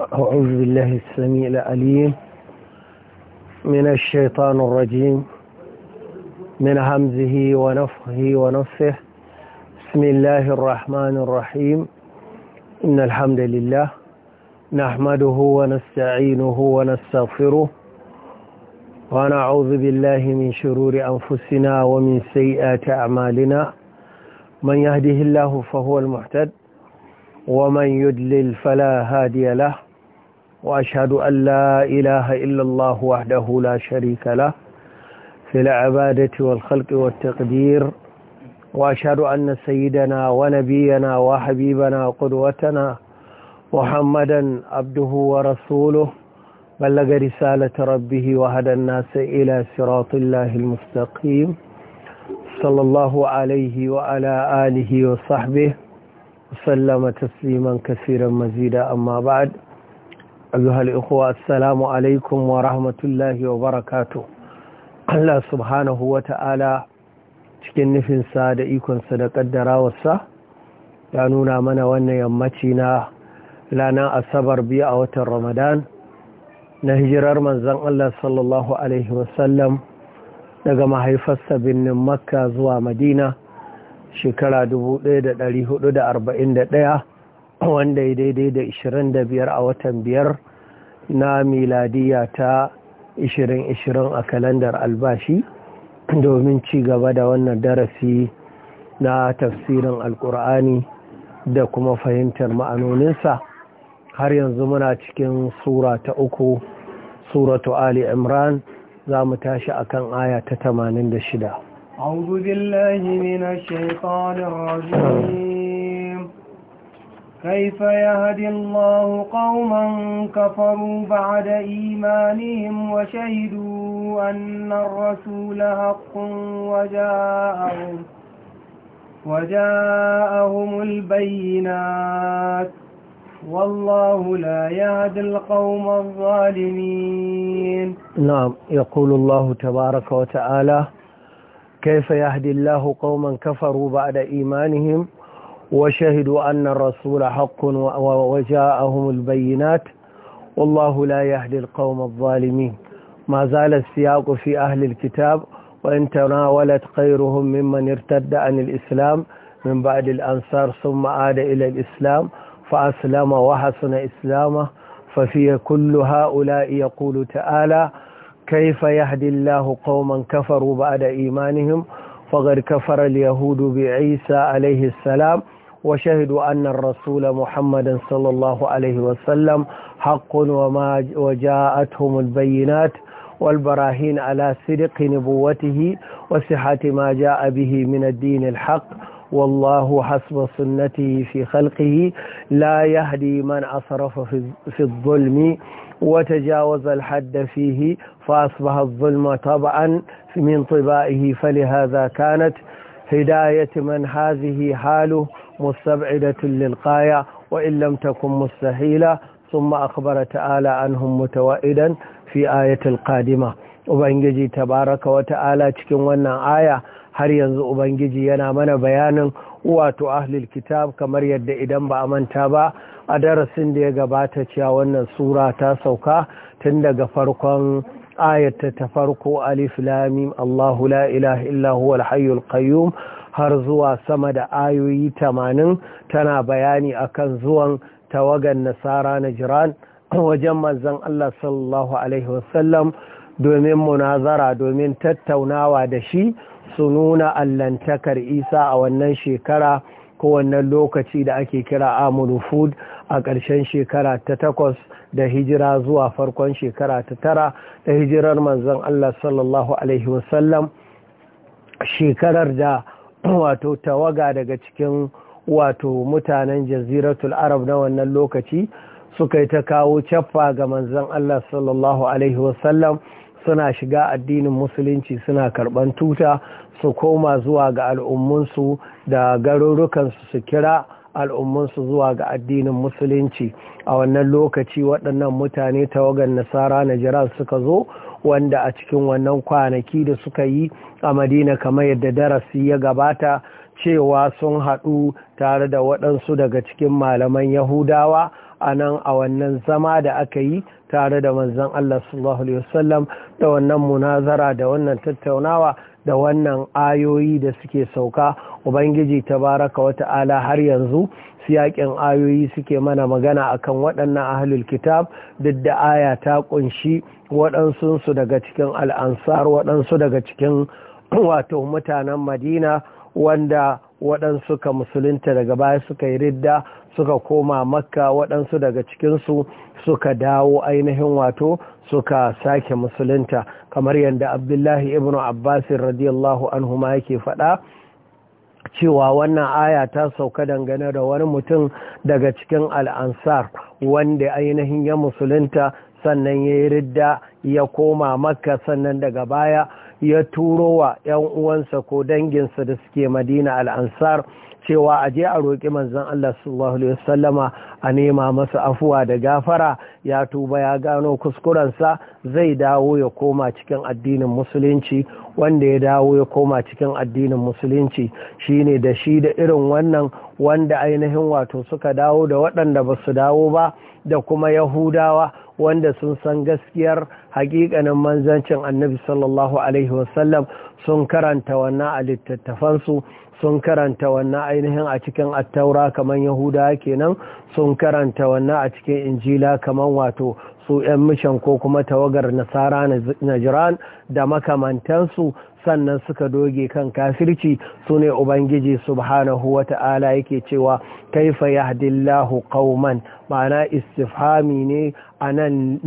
أعوذ بالله السميع العليم من الشيطان الرجيم من همزه ونفخه ونفخه بسم الله الرحمن الرحيم إن الحمد لله نحمده ونستعينه ونستغفره ونعوذ بالله من شرور أنفسنا ومن سيئات أعمالنا من يهده الله فهو المحتد ومن يدلل فلا هادي له وأشهد أن لا إله إلا الله وحده لا شريك له في العبادة والخلق والتقدير وأشهد أن سيدنا ونبينا وحبيبنا وقدوتنا محمدا عبده ورسوله بلغ رسالة ربه وهدى الناس إلى صراط الله المستقيم صلى الله عليه وعلى آله وصحبه sallama tasliman kasiran mazida amma ba'ad ayyuhal ikhwa assalamu alaikum wa rahmatullahi wa barakatuh Allah subhanahu wa ta'ala cikin nufin sa da ikon sa da kaddarawa ya nuna mana wannan yammaci na lana asabar biyu a watan Ramadan na hijirar manzon Allah sallallahu sallam daga mahaifarsa Birnin Makka zuwa Madina shekara 1441 wanda ya daidai da 25 a watan biyar na miladiya ta 2020 a kalandar albashi domin ci gaba da wannan darasi na tafsirin alkur'ani da kuma fahimtar ma'anoninsa har yanzu muna cikin sura ta uku suratu ali imran za mu tashi akan aya ta 86 أعوذ بالله من الشيطان الرجيم كيف يهدي الله قوما كفروا بعد إيمانهم وشهدوا أن الرسول حق وجاءهم وجاءهم البينات والله لا يهدي القوم الظالمين نعم يقول الله تبارك وتعالى كيف يهدي الله قوما كفروا بعد إيمانهم وشهدوا أن الرسول حق وجاءهم البينات والله لا يهدي القوم الظالمين ما زال السياق في أهل الكتاب وإن تناولت غيرهم ممن ارتد عن الإسلام من بعد الأنصار ثم عاد إلى الإسلام فأسلم وحسن إسلامه ففي كل هؤلاء يقول تعالى كيف يهدي الله قوما كفروا بعد إيمانهم فقد كفر اليهود بعيسى عليه السلام وشهدوا أن الرسول محمدا صلى الله عليه وسلم حق وما وجاءتهم البينات والبراهين على صدق نبوته وصحة ما جاء به من الدين الحق والله حسب سنته في خلقه لا يهدي من أصرف في الظلم وتجاوز الحد فيه فأصبح الظلم طبعا من طبائه فلهذا كانت هداية من هذه حاله مستبعدة للقاية وإن لم تكن مستحيلة ثم أخبر تعالى عنهم متوائدا في آية القادمة وبنجي تبارك وتعالى تكون cikin آية aya har yanzu Ubangiji yana mana bayanin wato ahlul kitab kamar a darasin da ya gabata cewa wannan sura ta sauka tun daga farkon ayata ta farko alif lamim Allahu la ilaha illa huwal hayyul qayyum har zuwa sama da ayoyi 80 tana bayani akan zuwan tawagan nasara na jiran wajen manzon Allah sallallahu alaihi wasallam domin munazara domin tattaunawa da shi su nuna allantakar Isa a wannan shekara kowanne lokaci da ake kira amuru food a ƙarshen shekara ta takwas da hijira zuwa farkon shekara ta tara da hijirar manzon Allah sallallahu Alaihi wasallam shekarar da wato tawaga daga cikin wato mutanen jaziratul arab na wannan lokaci suka yi ta kawo caffa ga manzon Allah sallallahu Alaihi wasallam suna shiga addinin musulunci suna karban tuta su koma zuwa ga al'ummunsu da garurukansu su kira al'ummunsu zuwa ga addinin musulunci a wannan lokaci waɗannan mutane tawagan nasara na jiran suka zo wanda a cikin wannan kwanaki da suka yi a madina kamar yadda darasi ya gabata cewa sun haɗu tare da waɗansu daga cikin malaman yahudawa a nan a wannan zama da aka yi tare da manzon Allah sallallahu alaihi wasallam da wannan munazara da wannan tattaunawa da wannan ayoyi da suke sauka ubangiji tabaraka wata'ala har yanzu siyakin ayoyi suke mana magana akan waɗannan ahlul kitab duk da aya ta kunshi waɗansunsu daga cikin al'ansar waɗansu daga cikin wato mutanen madina wanda waɗansu ka musulunta daga baya suka yi ridda suka koma makka waɗansu daga cikinsu suka dawo ainihin wato suka sake musulunta kamar yadda abdullahi ibn abbasin radiyallahu anhu ma yake faɗa cewa wannan aya ta sauka dangane da wani mutum daga cikin al'ansar wanda ainihin ya musulunta sannan ya yi ridda ya koma makka sannan daga baya ya turo wa 'yan uwansa ko danginsa da suke madina al'ansar cewa a je a roƙi manzan Allah sallallahu alaihi wasallama a nema masa afuwa da gafara ya tuba ya gano kuskurensa zai dawo ya koma cikin addinin musulunci wanda ya dawo ya koma cikin addinin musulunci shine da shi da irin wannan wanda ainihin wato suka dawo da waɗanda ba su dawo ba da kuma yahudawa wanda sun san gaskiyar hakikanin manzancin annabi sallallahu alaihi wasallam sun karanta wannan a littattafansu sun karanta wannan ainihin a cikin attaura kamar yahuda kenan sun karanta wannan a cikin injila kamar wato su 'yan mishan ko kuma tawagar nasara na jiran da makamantansu sannan suka doge kan kafirci su ne ubangiji subhanahu wa ta'ala yake cewa kaifa yahdillahu kauman ma'ana istifhami ne a nan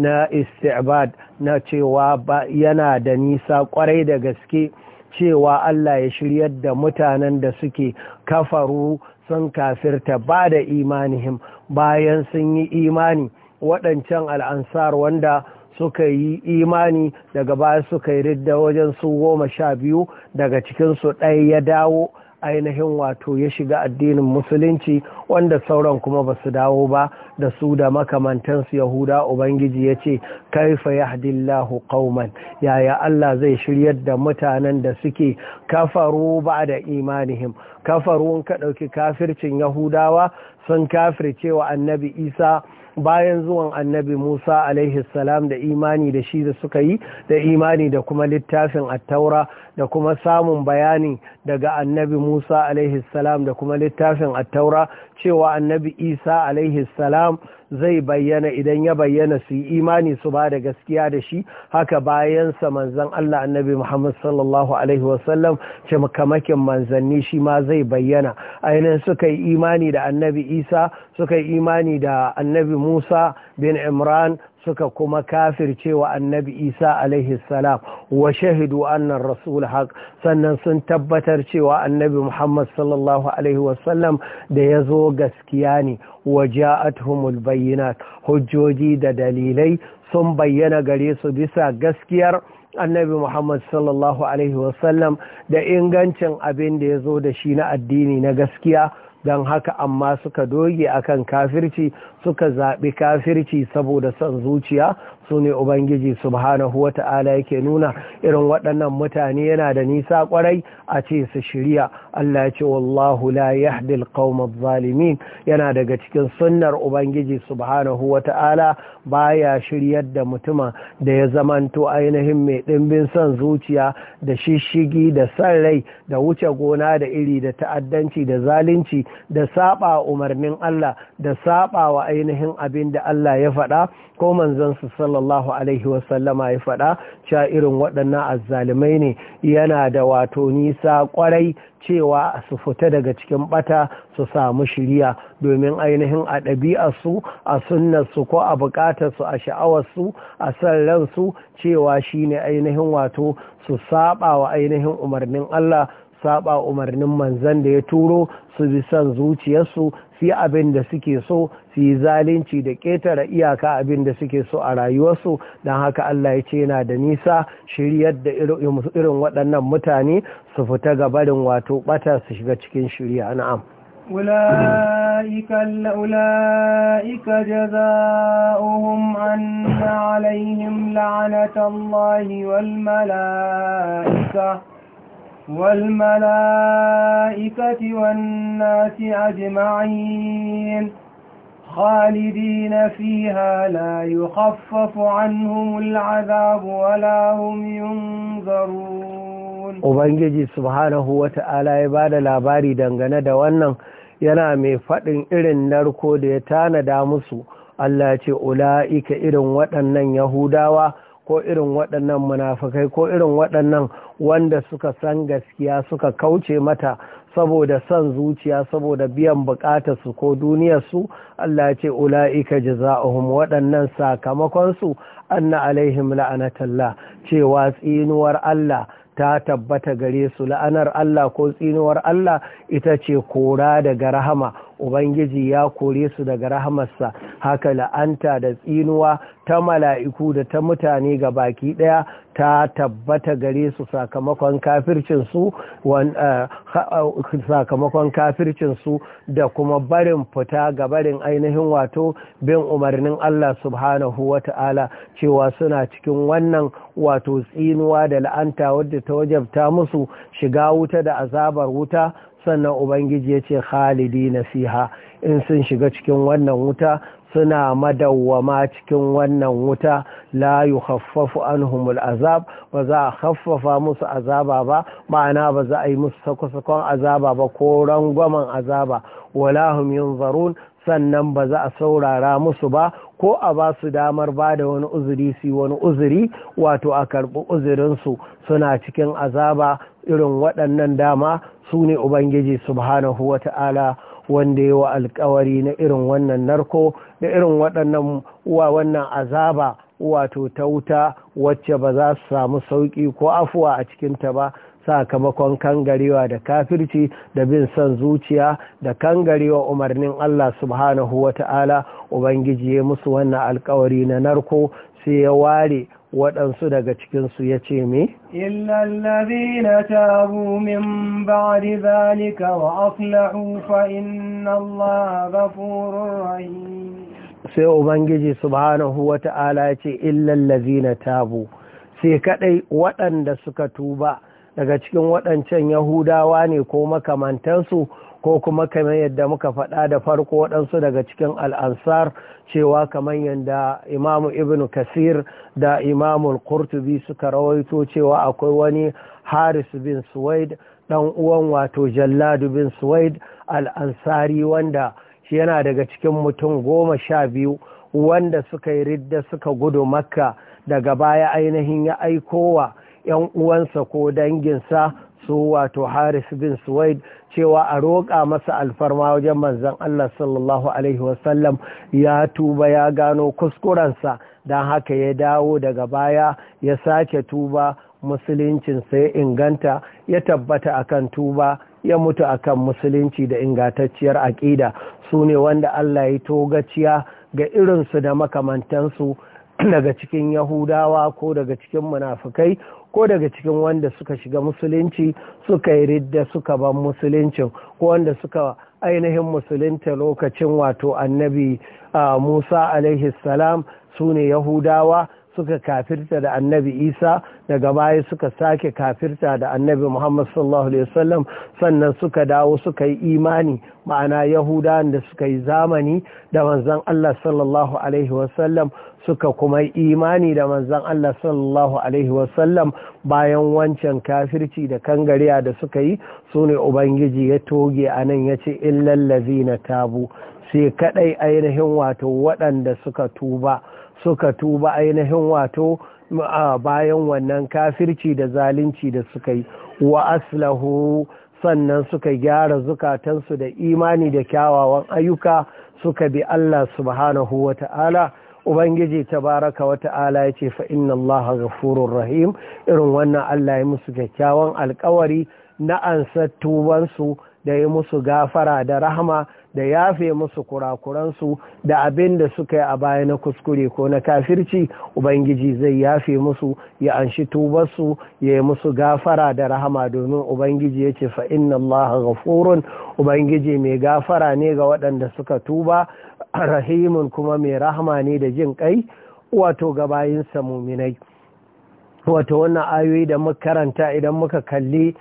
na istibad na cewa yana da nisa kwarai da gaske cewa Allah ya shiryar da mutanen da suke kafaru sun kafirta ba da imanihim bayan sun yi imani waɗancan al'ansar wanda suka yi imani daga baya suka yi ridda wajen su goma sha biyu daga cikinsu ɗaya ya dawo ainihin wato ya shiga addinin musulunci wanda sauran kuma ba su dawo ba da su da makamantansu yahuda ubangiji ya ce kaifa yahdillahu kauman yaya Allah zai shiryar da mutanen da suke kafaru ba da imanihim kafaru ka ɗauki kafircin yahudawa sun kafircewa annabi isa bayan zuwan annabi Musa alaihi salam da imani da shi da suka yi da imani da kuma littafin attaura da kuma samun bayani daga annabi Musa alaihi salam da kuma littafin attaura cewa annabi Isa alaihi salam zai bayyana idan ya bayyana su yi imani su ba da gaskiya da shi haka bayansa manzan Allah annabi Muhammad sallallahu Alaihi wasallam makamakin manzanni shi ma zai bayyana ainihin suka yi imani da annabi Isa suka yi imani da annabi Musa bin Imran suka kuma cewa annabi isa alaihi salam wa shahidu annan rasul haq sannan sun tabbatar cewa annabi muhammad sallallahu alaihi wasallam da ya zo gaskiya ne wa ja'atuhumul bayyinat hujjoji da dalilai sun bayyana gare su bisa gaskiyar annabi Muhammad sallallahu Alaihi wasallam da ingancin abin da ya zo da shi na addini na gaskiya don haka amma suka doge akan kafirci suka zaɓi kafirci saboda son zuciya su ne ubangiji subhanahu wa ta'ala yake nuna irin waɗannan mutane yana da nisa ƙwarai a ce su shirya Allah ya ce wallahu la yahdil qaumaz zalimin yana daga cikin sunnar ubangiji subhanahu wa ta'ala baya shiryar da mutuma da ya zamanto ainihin mai ɗimbin son zuciya da shishigi da san rai da wuce gona da iri da ta'addanci da zalunci da saba umarnin Allah da saba wa ainihin abin da Allah ya faɗa ko manzansa sallallahu alaihi wasallama ya faɗa cewa irin waɗannan azzalumai ne yana da wato nisa ƙwarai cewa su fita daga cikin bata su samu shirya domin ainihin a ɗabi'arsu a sunnarsu ko a buƙatarsu a sha'awarsu a san ransu cewa shine ainihin wato su saba wa ainihin umarnin Allah saba umarnin manzan da ya turo su bi son zuciyarsu su yi abin da suke so su yi zalunci da ƙetare iyaka abin da suke so a rayuwarsu don haka Allah ya ce yana da nisa shiryar da irin waɗannan mutane su fita gabarin wato ɓata su shiga cikin shirya na'am. أولئك, أولئك جزاؤهم أن عليهم لعنة الله والملائكة والملائكة والناس أجمعين خالدين فيها لا يخفف عنهم العذاب ولا هم ينظرون Ubangiji subhanahu wa ta'ala ya ba da labari dangane da wannan yana mai faɗin irin narko da ya tanada musu Allah ce ula'ika irin waɗannan Yahudawa ko irin waɗannan munafukai ko irin waɗannan wanda suka san gaskiya suka kauce mata saboda son zuciya saboda biyan su ko duniyarsu Allah ce ula'ika jaza'uhum waɗannan sakamakonsu anna alaihim la'anatallah cewa tsinuwar Allah ta tabbata gare su la'anar Allah ko tsinuwar Allah ita ce kora daga rahama ubangiji ya kore su daga rahamarsa haka la'anta da tsinuwa ta mala'iku da ta mutane ga baki ɗaya ta tabbata gare su sakamakon kafircinsu eh, eh, da kuma barin fita ga barin ainihin wato bin umarnin Allah subhanahu wa ta'ala cewa suna cikin wannan wato tsinuwa da la'anta wadda ta wajabta musu shiga wuta da azabar wuta sannan ubangiji ya ce khalidi na siha in sun shiga cikin wannan wuta suna madawwama cikin wannan wuta la yi haffafu an azab ba za a haffafa musu azaba ba ma'ana ba za a yi musu sakwasakon azaba ba ko rangwamen azaba wala hum yin sannan ba za a saurara musu ba ko a ba su damar ba da wani uzuri su wani uzuri wato a karɓi uzurinsu suna cikin azaba irin waɗannan dama su ne ubangiji subhanahu wa ta'ala wanda yi wa alkawari na irin wannan narko da irin waɗannan wa wannan azaba wato ta wuta wacce ba za su samu sauƙi ko afuwa a cikinta ba sakamakon kangarewa da kafirci da bin son zuciya da kangarewa umarnin Allah subhanahu wa ta'ala Ubangiji ya musu wannan alkawari na narko sai ya ware waɗansu daga cikinsu ya ce me? illallari na tabu min ba'di zalika wa aslahu fa inna Allah ghafurur rahim sai ubangiji subhanahu wa ta'ala ya ce illallari na tabu sai kadai waɗanda suka tuba daga cikin waɗancan Yahudawa ne ko makamantansu ko kuma kamar yadda muka faɗa da farko waɗansu daga cikin al'ansar cewa kamar yadda imamu ibn kasir da imamu kurtubi suka rawaito cewa akwai wani haris bin suwaid ɗan uwan wato jalladu bin suwaid al'ansari wanda yana daga cikin mutum goma sha biyu wanda suka yi ridda suka gudu makka daga baya ainihin ya aikowa 'yan uwansa ko danginsa su wato haris bin suwaid cewa a roƙa masa alfarma wajen manzan Allah sallallahu Alaihi wasallam ya tuba ya gano kuskurensa don haka ya dawo daga baya ya sake tuba musuluncinsa ya inganta ya tabbata akan tuba ya mutu akan musulunci da ingantacciyar aƙida su ne wanda Allah ya togaciya ga irinsu da makamantansu daga cikin yahudawa ko daga cikin munafukai ko daga cikin wanda suka shiga musulunci suka yi ridda suka ban Musulunci, ko wanda suka ainihin musulunta lokacin wato annabi ah, musa alaihi salam su ne yahudawa suka kafirta da annabi isa daga baya suka sake kafirta da annabi muhammad sallallahu alaihi wasallam sannan suka dawo suka yi imani ma'ana yahudawan da suka yi zamani da manzan allah sallallahu alaihi wasallam suka kuma yi imani da manzan allah sallallahu alaihi wasallam bayan wancan kafirci da kangariya da suka yi su ne ubangiji ya toge a nan ya ce illallazi na tabu sai kadai ainihin wato waɗanda suka tuba suka tuba ainihin wato bayan wannan kafirci da zalunci da suka yi wa aslahu sannan suka gyara zukatansu da imani da kyawawan ayyuka suka bi Allah subhanahu wa ta'ala Ubangiji tabaraka wa ta'ala ya ce fa’in Allah gafurur rahim irin wannan Allah ya musu kyakkyawan alkawari na ansar tubansu da yi musu gafara da rahama da yafe musu kurakuransu da abin da suka yi a baya na kuskure ko na kafirci ubangiji zai yafe musu ya anshi tubarsu ya yi musu gafara da rahama domin ubangiji ya ce fa'inna Allah furun ubangiji mai gafara ne ga waɗanda suka tuba rahimun kuma mai rahama ne da jin kai wato gabayinsa muminai wato wannan ayoyi da muka karanta idan muka kalli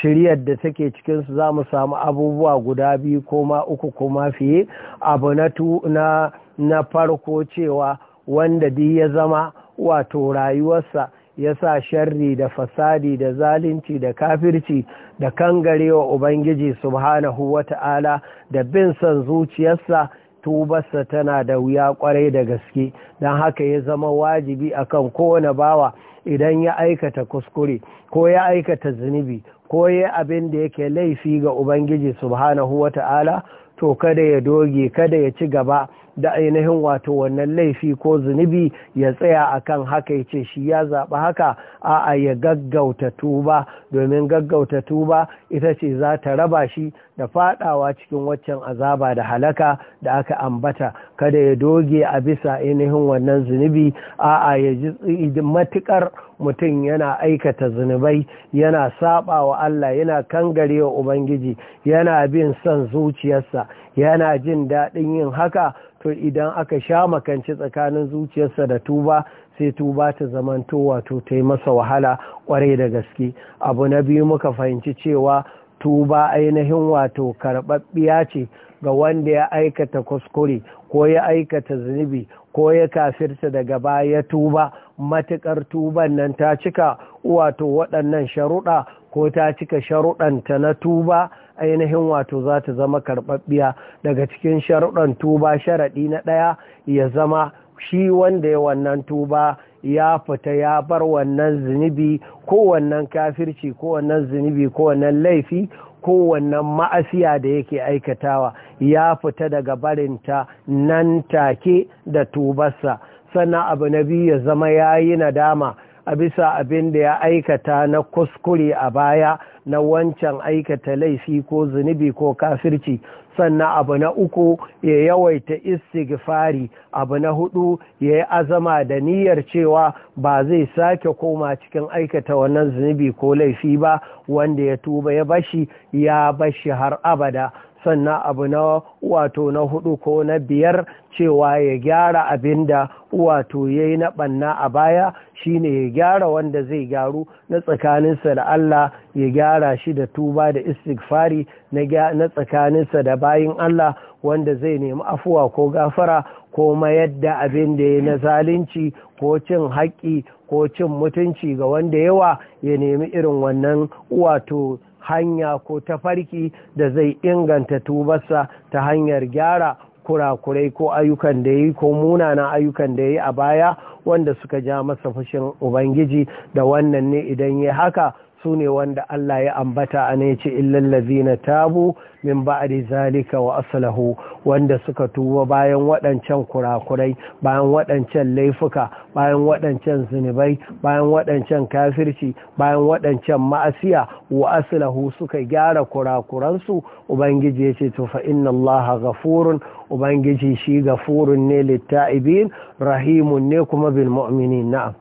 shiryar da take su za mu samu abubuwa guda biyu ko uku ko fiye abu na na farko cewa wanda duk ya zama wato rayuwarsa ya sa sharri da fasadi da zalunci da kafirci da kangarewa ubangiji subhanahu ta'ala da bin son zuciyarsa tubarsa tana da wuya kwarai da gaske don haka ya zama wajibi akan kowane bawa idan ya aikata kuskure ko ya aikata zunubi Koye abin da yake laifi ga ubangiji subhanahu wa ta'ala, to kada ya doge kada ya ci gaba da ainihin wato wannan laifi ko zunubi ya tsaya akan haka ya ce shi ya zaɓi haka a'a ya gaggauta tuba domin gaggauta tuba ita ce za ta raba shi da fadawa cikin waccan azaba da halaka da aka ambata kada ya doge a bisa ainihin wannan zunubi a'a ya ji matukar mutum yana aikata zunubai yana saba wa Allah yana kangare wa Ubangiji yana bin son zuciyarsa yana jin daɗin yin haka to idan aka sha makanci tsakanin zuciyarsa da tuba sai tuba ta zamanto wato ta yi masa wahala kwarai da gaske abu na biyu muka fahimci cewa tuba ainihin wato karɓaɓɓiya ce ga wanda ya aikata kuskure ko ya aikata zunubi ko ya kafirta daga baya tuba matuƙar tuban nan ta cika wato waɗannan sharuɗa ko ta cika sharuɗanta na tuba ainihin wato za ta zama karɓaɓɓiya daga cikin sharuɗan tuba sharaɗi na ɗaya ya zama shi wanda ya wannan tuba ya fita ya bar wannan zunubi ko wannan kafirci ko wannan zunubi ko wannan laifi ko wannan ma'asiya da yake aikatawa ya fita daga barinta nan take da tubarsa sannan abu na biyu ya zama ya yi nadama a bisa abin da ya aikata na kuskure a baya na wancan aikata laifi ko zunubi ko kafirci sannan abu na uku ya yawaita istighfari abu na hudu ya yi azama da niyyar cewa ba zai sake koma cikin aikata wannan zunubi ko laifi ba wanda ya tuba ya bashi ya bashi har abada sannan abu na wato na hudu ko na biyar cewa ya gyara abin da wato ya yi na ɓanna a baya shine ya gyara wanda zai gyaru na tsakaninsa da Allah ya gyara shi da tuba da istighfari na tsakaninsa da bayin Allah wanda zai nemi afuwa ko gafara ko mayar da abin da ya na zalunci ko cin haƙƙi ko cin mutunci ga wanda yawa ya nemi irin wannan wato hanya ko tafarki da zai inganta tubarsa ta hanyar gyara kurakurai ko ayyukan da yi ko munanan ayyukan da yi a baya wanda suka ja masa fushin ubangiji da wannan ne idan ya haka su ne wanda Allah ya ambata a ne ce na tabu min ba'di zalika wa aslahu wanda suka tura bayan waɗancan kurakurai bayan waɗancan laifuka bayan waɗancan zunubai bayan waɗancan kafirci bayan waɗancan ma'asiya wa aslahu suka gyara kurakuransu ubangiji ya ce to fa inna Allah ghafurun ubangiji shi gafurun ne litta'ibin rahimun ne kuma bil mu'minin na'am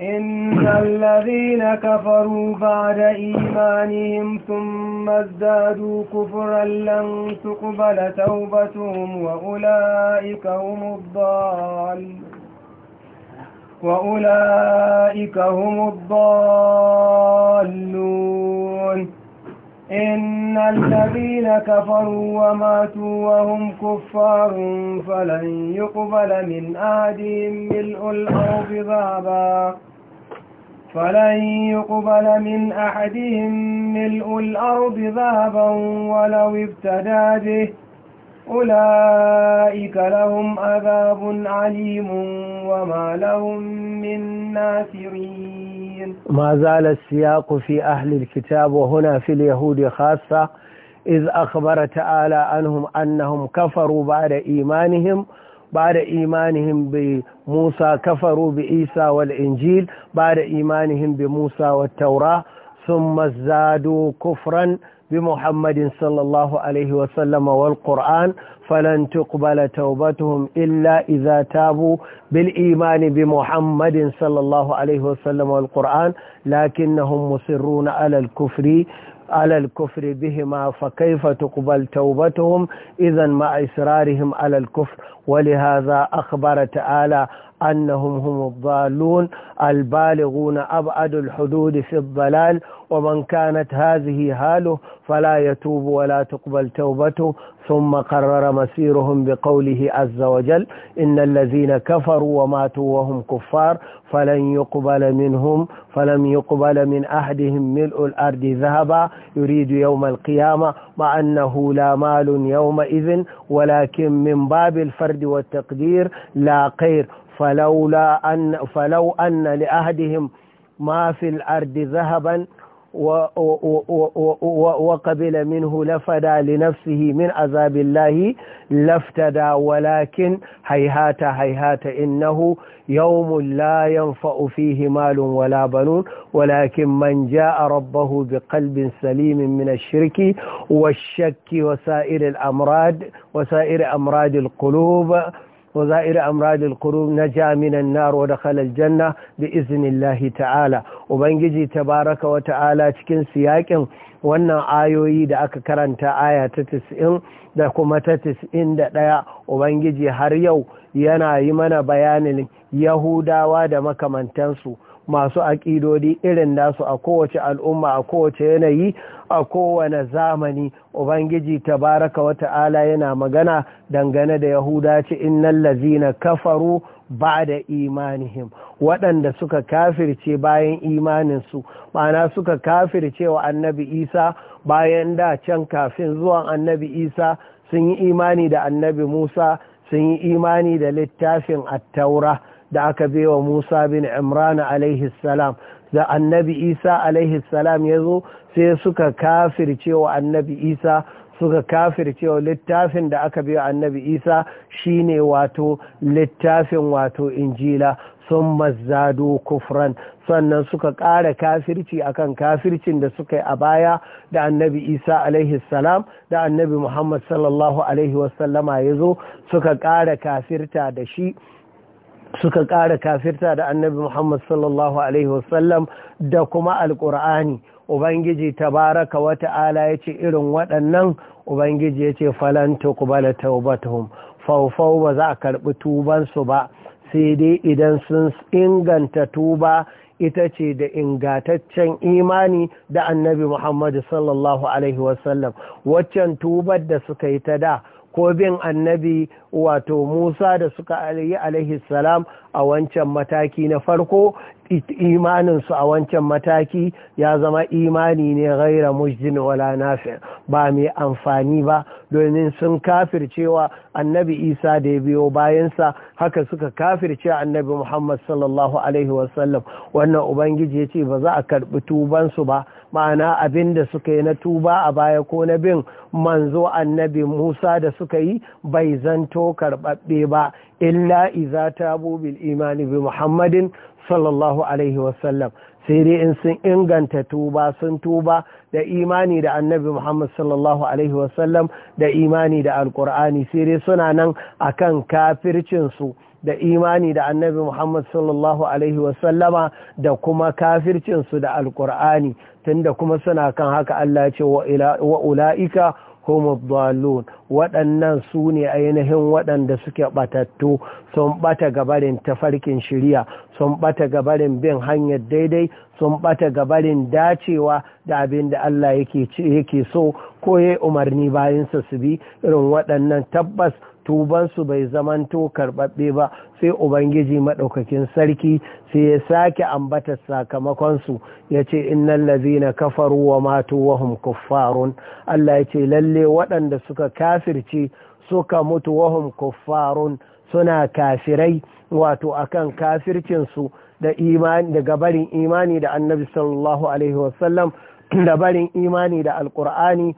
إن الذين كفروا بعد إيمانهم ثم ازدادوا كفرا لن تقبل توبتهم وأولئك هم الضالون وأولئك هم الضالون إن الذين كفروا وماتوا وهم كفار فلن يقبل من أهدهم ملء الأرض ذهبا فلن يقبل من أحدهم ملء الأرض ذهبا ولو ابتدى به أولئك لهم عذاب عليم وما لهم من ناصرين ما زال السياق في أهل الكتاب وهنا في اليهود خاصة إذ أخبر تعالى عنهم أنهم كفروا بعد إيمانهم بعد إيمانهم بموسى كفروا بإيسى والإنجيل بعد إيمانهم بموسى والتوراة ثم ازدادوا كفرا بمحمد صلى الله عليه وسلم والقرآن فلن تقبل توبتهم إلا إذا تابوا بالإيمان بمحمد صلى الله عليه وسلم والقرآن لكنهم مصرون على الكفر على الكفر بهما فكيف تقبل توبتهم إذا مع إصرارهم على الكفر ولهذا أخبر تعالى أنهم هم الضالون البالغون أبعد الحدود في الضلال ومن كانت هذه حاله فلا يتوب ولا تقبل توبته ثم قرر مسيرهم بقوله عز وجل إن الذين كفروا وماتوا وهم كفار فلن يقبل منهم فلم يقبل من أحدهم ملء الأرض ذهبا يريد يوم القيامة مع أنه لا مال يومئذ ولكن من باب الفرد والتقدير لا قير فلولا أن فلو أن لأحدهم ما في الأرض ذهبا وقبل منه لفدى لنفسه من عذاب الله لافتدى ولكن هيهات هيهات إنه يوم لا ينفع فيه مال ولا بنون ولكن من جاء ربه بقلب سليم من الشرك والشك وسائر الأمراض وسائر أمراض القلوب وزائر أمراض القلوب نجا من النار ودخل الجنة بإذن الله تعالى وبنجي تبارك وتعالى تكن سياكم wannan ayoyi da aka karanta aya ta 90 da kuma ta 91 ubangiji har yau yana yi mana bayanin yahudawa da makamantansu masu aƙidodi irin nasu a kowace al'umma a kowace yanayi a kowane zamani ubangiji tabaraka wa ta'ala yana magana dangane da yahuda ce innal lazina kafaru ba da imanihim waɗanda suka kafirce bayan imaninsu ma'ana suka kafirce wa annabi isa bayan da can kafin zuwan annabi isa sun yi imani da annabi musa sun yi imani da littafin attaura da aka baiwa Musa bin Imran alaihi salam da annabi Isa alaihi salam ya zo sai suka kafircewa annabi Isa suka kafircewa littafin da aka biya annabi Isa shine wato littafin wato injila sun mazado kufran sannan suka ƙara kafirci akan kafircin da suka yi a baya da annabi isa alaihi salam da annabi muhammad sallallahu alaihi wasallama ya zo suka ƙara kafirta da shi suka ƙara kafirta da annabi Muhammad sallallahu Alaihi wasallam da kuma alƙur'ani Ubangiji tabaraka wa ta'ala ya ce irin waɗannan Ubangiji ya ce falanta kubala taubatuhum faufau ba za a karɓi tubansu ba sai dai idan sun inganta tuba ita ce da ingataccen imani da annabi Muhammad sallallahu Alaihi wasallam waccan tubar da suka yi ta da ko bin annabi wato Musa da suka yi alaihi salam a wancan mataki na farko imaninsu a wancan mataki ya zama imani ne gaira mujjin wala nafi ba mai amfani ba domin sun kafircewa annabi isa da ya biyo bayansa haka suka kafirce annabi muhammad sallallahu alaihi wasallam wannan ubangiji ya ce ba za a karɓi tubansu ba ma'ana abin da suka yi na tuba a baya ko na bin manzo annabi musa da suka yi bai zanto karɓaɓɓe ba illa iza tabu bil imani bi muhammadin sallallahu alaihi wasallam sai dai in sun inganta tuba sun tuba da imani da annabi muhammad sallallahu alaihi wasallam da imani da alkur'ani sai dai suna nan akan kafircinsu da imani da annabi muhammad sallallahu alaihi wasallama da kuma kafircinsu da alkur'ani tunda kuma suna kan haka allah ce wa ula'ika humud dalun waɗannan su ne ainihin waɗanda suke batattu sun ɓata gabarin tafarkin shirya sun ɓata gabarin bin hanyar daidai sun ɓata gabarin dacewa da abin da Allah yake so ko ya umarni bayansa su bi irin waɗannan tabbas tubansu bai zamanto karɓaɓɓe ba sai ubangiji maɗaukakin sarki sai ya sake ambata sakamakonsu ya ce innan lazina kafaru wa matu wahum kuffarun Allah ya ce lalle waɗanda suka kafirce suka mutu wahum kuffarun suna kafirai wato akan kafircinsu da imani daga barin imani da annabi sallallahu alaihi wasallam da barin imani da alkur'ani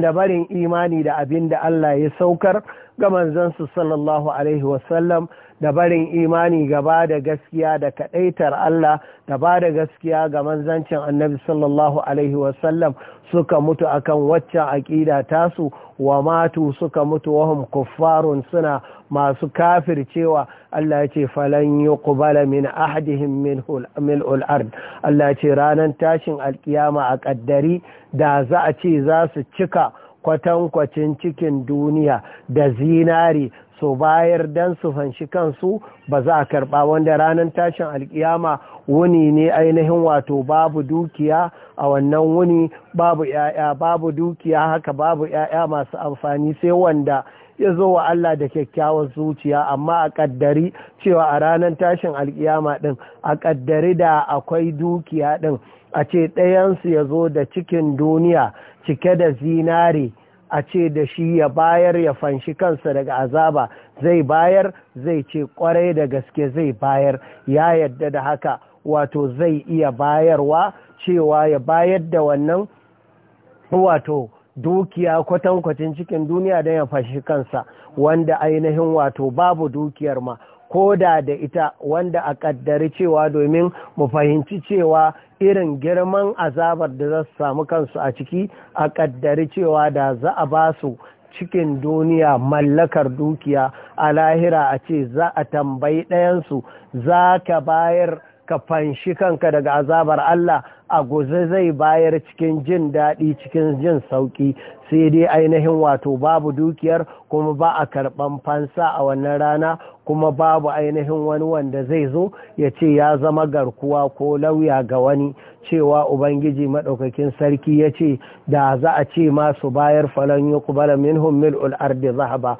da barin imani da abinda Allah ya saukar ga manzansu sallallahu alaihi wasallam da barin imani gaba da gaskiya da kaɗaitar Allah da ba da gaskiya ga manzancin annabi sallallahu alaihi wasallam suka mutu akan waccan aƙida tasu wa matu suka mutu wahum kuffarun suna masu kafir cewa Allah ya ce falan yuqbala min ahadihim mil'ul ard Allah ya ce ranar tashin alkiyama a ƙaddari da za a ce za su cika kwatankwacin cikin duniya da zinari su bayar dan su fanshi kansu ba za a karba, wanda ranar tashin alkiyama wuni ne ainihin wato babu dukiya a wannan wuni babu ‘ya'ya babu dukiya haka babu ‘ya'ya masu amfani sai wanda ya zo wa Allah da kyakkyawar zuciya amma a ƙaddari cewa a ranar tashin alkiyama ɗin a ƙaddari da akwai dukiya ɗin a ce ɗayansu ya zo da cikin duniya cike da zinare a ce da shi ya bayar ya fanshi kansa daga azaba zai bayar zai ce kwarai da gaske zai bayar ya yadda da haka wato zai iya bayarwa cewa ya bayar da wannan wato dukiya kwatankwacin cikin duniya don ya fashi kansa wanda ainihin wato babu dukiyar ma koda da ita wanda a kaddari cewa domin mu fahimci cewa irin girman azabar da za su samu kansu a ciki a kaddari cewa da za a ba su cikin duniya mallakar dukiya a lahira a ce za a tambayi ɗayansu za ka bayar ka fanshi kanka daga azabar Allah a guza zai bayar cikin jin daɗi cikin jin sauƙi sai dai ainihin wato babu dukiyar kuma ba a karɓan fansa a wannan rana kuma babu ainihin wani wanda zai zo ya ce ya zama garkuwa ko lauya ga wani cewa ubangiji maɗaukakin sarki ya ce da za a ce masu bayar falon yi kubala minhum mil'ul ardi zahaba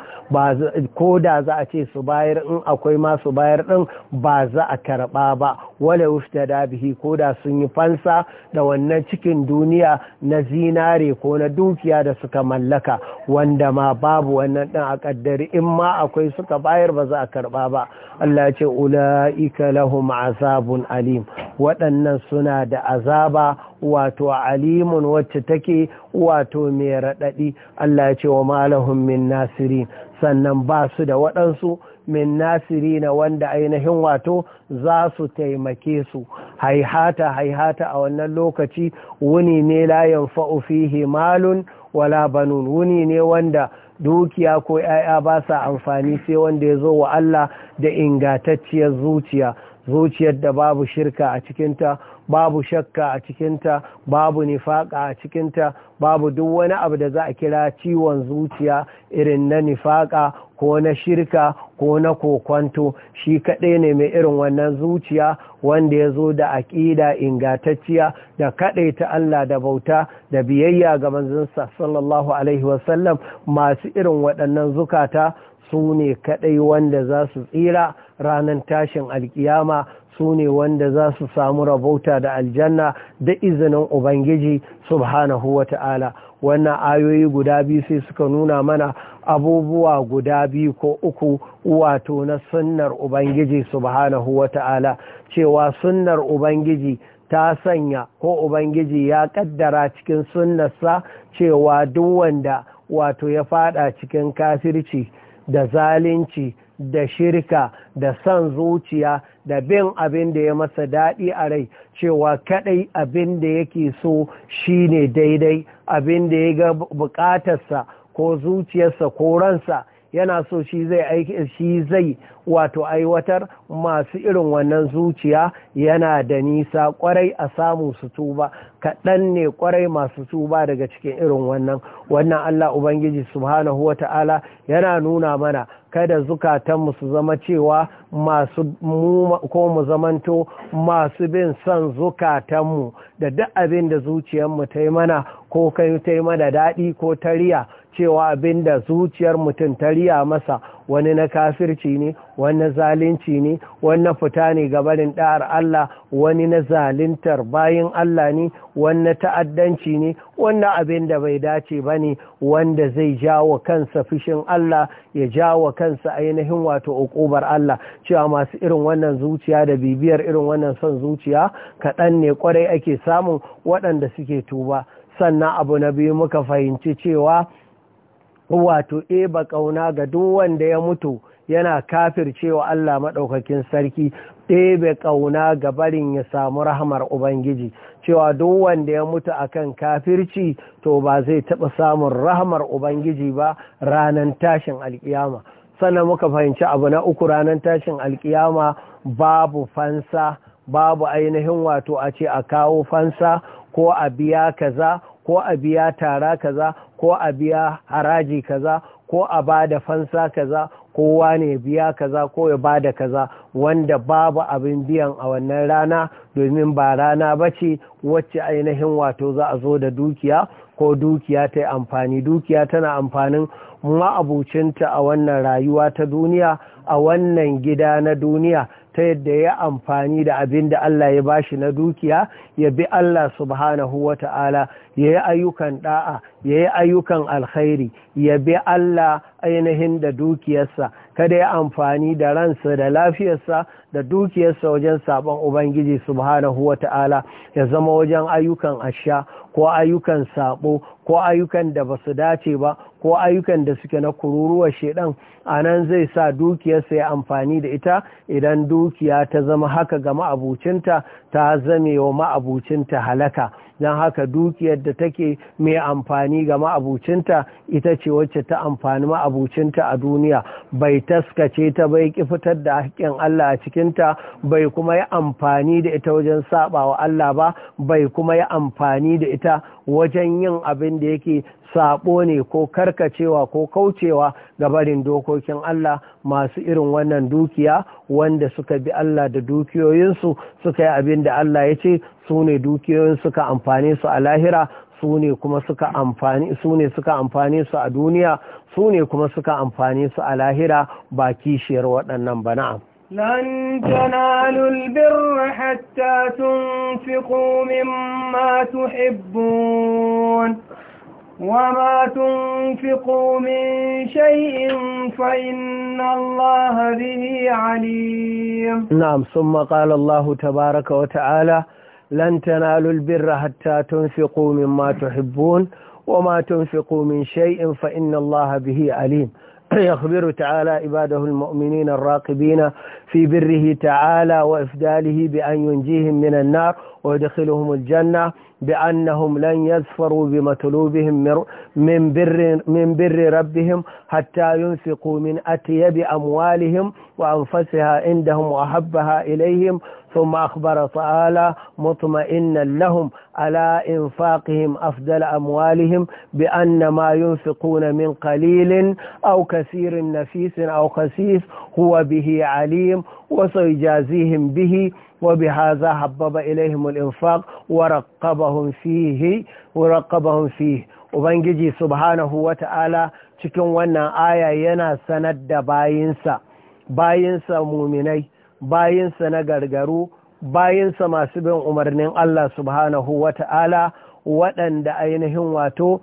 ko da za a ce su bayar in akwai masu bayar ɗin ba za a karɓa ba wale wufta da bihi ko da sun yi fansa da wannan cikin duniya na zinare ko na dukiya da suka mallaka wanda ma babu wannan ɗan a ƙaddari in ma akwai suka bayar ba za a karɓa ba Allah ce ula'ika lahum azabun alim waɗannan suna da azaba wato alimun wacce take wato mai raɗaɗi Allah ce wa malahun min nasirin sannan ba su da waɗansu min nasirina wanda ainihin wato za su taimake su haihata haihata a wannan lokaci wuni ne layan fa'ufihi malun wala banun wuni ne wanda dukiya ko ‘ya'ya ba sa amfani sai wanda ya zo wa Allah da ingatacciyar zuciya zuciyar da babu shirka a cikinta babu shakka a cikinta babu nifaƙa a cikinta babu duk wani abu da za a kira ciwon zuciya irin na nifaƙa ko na shirka ko na kokwanto shi kaɗai ne mai irin wannan zuciya wanda ya zo da aƙida ingatacciya da kaɗai ta Allah da bauta da biyayya ga manzansa sallallahu alaihi wasallam masu irin waɗannan zukata su ne kaɗai wanda za su tsira ranar tashin alkiyama su ne wanda za su samu rabauta da aljanna da izinin ubangiji subhanahu wa ta'ala wannan ayoyi guda biyu sai suka nuna mana abubuwa guda biyu ko uku wato na sunnar ubangiji subhanahu wa ta'ala cewa sunnar ubangiji ta sanya ko ubangiji ya kaddara cikin sunnarsa cewa duk wanda wato ya fada cikin kafirci da zalunci da shirka da san zuciya da bin abin da ya masa daɗi a rai cewa kaɗai abin da yake so shine daidai abin da ya ga buƙatarsa ko zuciyarsa ko ransa yana so shi zai shi zai wato aiwatar masu irin wannan zuciya yana da nisa kwarai a samu su tuba kaɗan ne kwarai masu tuba daga cikin irin wannan wannan Allah Ubangiji subhanahu wa ta'ala yana nuna mana kada zukatanmu su zama cewa masu ko mu zamanto masu bin son zukatanmu da duk abin da zuciyarmu ta yi mana ko kai ta yi mana daɗi ko tariya. cewa abin da zuciyar mutum ta riya masa wani na kafirci ne wani na zalunci ne wani na fita ne gabanin ɗa'ar Allah wani na zaluntar bayan Allah ne wani na ta'addanci ne wani abin da bai dace ba ne wanda zai jawo kansa fishin Allah ya ja wa kansa ainihin wato okobar Allah cewa masu irin wannan zuciya da bibiyar irin wannan son zuciya kaɗan ne kwarai ake samun waɗanda suke tuba sannan abu na biyu muka fahimci cewa wato ɗeba ƙauna ga duk wanda ya mutu yana kafir cewa Allah maɗaukakin sarki ɗebe ƙauna ga barin ya samu rahamar Ubangiji cewa duk wanda ya mutu akan kafirci to ba zai taɓa samun rahamar Ubangiji ba ranar tashin alƙiyama sannan muka fahimci abu na uku ranar tashin alƙiyama babu fansa babu ainihin wato a ce a kawo fansa ko a biya kaza ko a biya tara kaza ko a biya haraji kaza ko a ba da fansa kaza kowa ya biya kaza ko ya ba da kaza wanda babu abin biyan a wannan rana domin ba rana ba ce wacce ainihin wato za a zo da dukiya ko dukiya ta yi amfani dukiya tana amfanin ma'abucinta a wannan rayuwa ta duniya a wannan gida na duniya ta yadda ya amfani da abin da Allah ya bashi na dukiya ya bi Allah subhanahu wa ta'ala ya yi ayyukan ɗa'a, ya yi ayyukan alkhairi ya bi Allah ainihin da dukiyarsa kada ya amfani da ransa da lafiyarsa da dukiyarsa wajen sabon Ubangiji subhanahu wa ta'ala ya zama wajen ayyukan asha ko ayyukan sabo ko ayyukan da ba su dace ba ko ayyukan da suke na kururuwa shedan a nan zai sa dukiyarsa ya amfani da ita idan dukiya ta zama haka ga ma'abucinta ta zame wa ma'abucinta halaka don haka dukiyar da take mai amfani ga ma'abucinta ita ce wacce ta amfani ma'abucinta a duniya bai taskace ta bai fitar da haƙƙin Allah a cikin jikinta bai kuma yi amfani da ita wajen saɓawa Allah ba bai kuma yi amfani da ita wajen yin abin da yake sabo ne ko karkacewa ko kaucewa ga barin dokokin Allah masu irin wannan dukiya wanda suka bi Allah da dukiyoyinsu suka yi abin da Allah ya ce su ne dukiyoyin suka amfani su a lahira su ne suka amfani su ne suka amfani su a duniya su ne kuma suka amfani su a lahira ba kishiyar waɗannan ba na'am لن تنالوا البر حتى تنفقوا مما تحبون وما تنفقوا من شيء فإن الله به عليم نعم ثم قال الله تبارك وتعالى لن تنالوا البر حتى تنفقوا مما تحبون وما تنفقوا من شيء فإن الله به عليم يخبر تعالى عباده المؤمنين الراقبين في بره تعالى وإفداله بأن ينجيهم من النار ويدخلهم الجنة بأنهم لن يزفروا بمطلوبهم من بر, من بر ربهم حتى ينفقوا من أتيب أموالهم وأنفسها عندهم وأحبها إليهم ثم أخبر تعالى مطمئنا لهم على إنفاقهم أفضل أموالهم بأن ما ينفقون من قليل أو كثير نفيس أو خسيس هو به عليم وسيجازيهم به وبهذا حبب إليهم الإنفاق ورقبهم فيه ورقبهم فيه وبنجي سبحانه وتعالى تكون cikin آية ينا سند باينسا باينسا مؤمنين bayinsa na gargaru bayinsa masu bin umarnin Allah subhanahu wa ta'ala waɗanda ainihin wato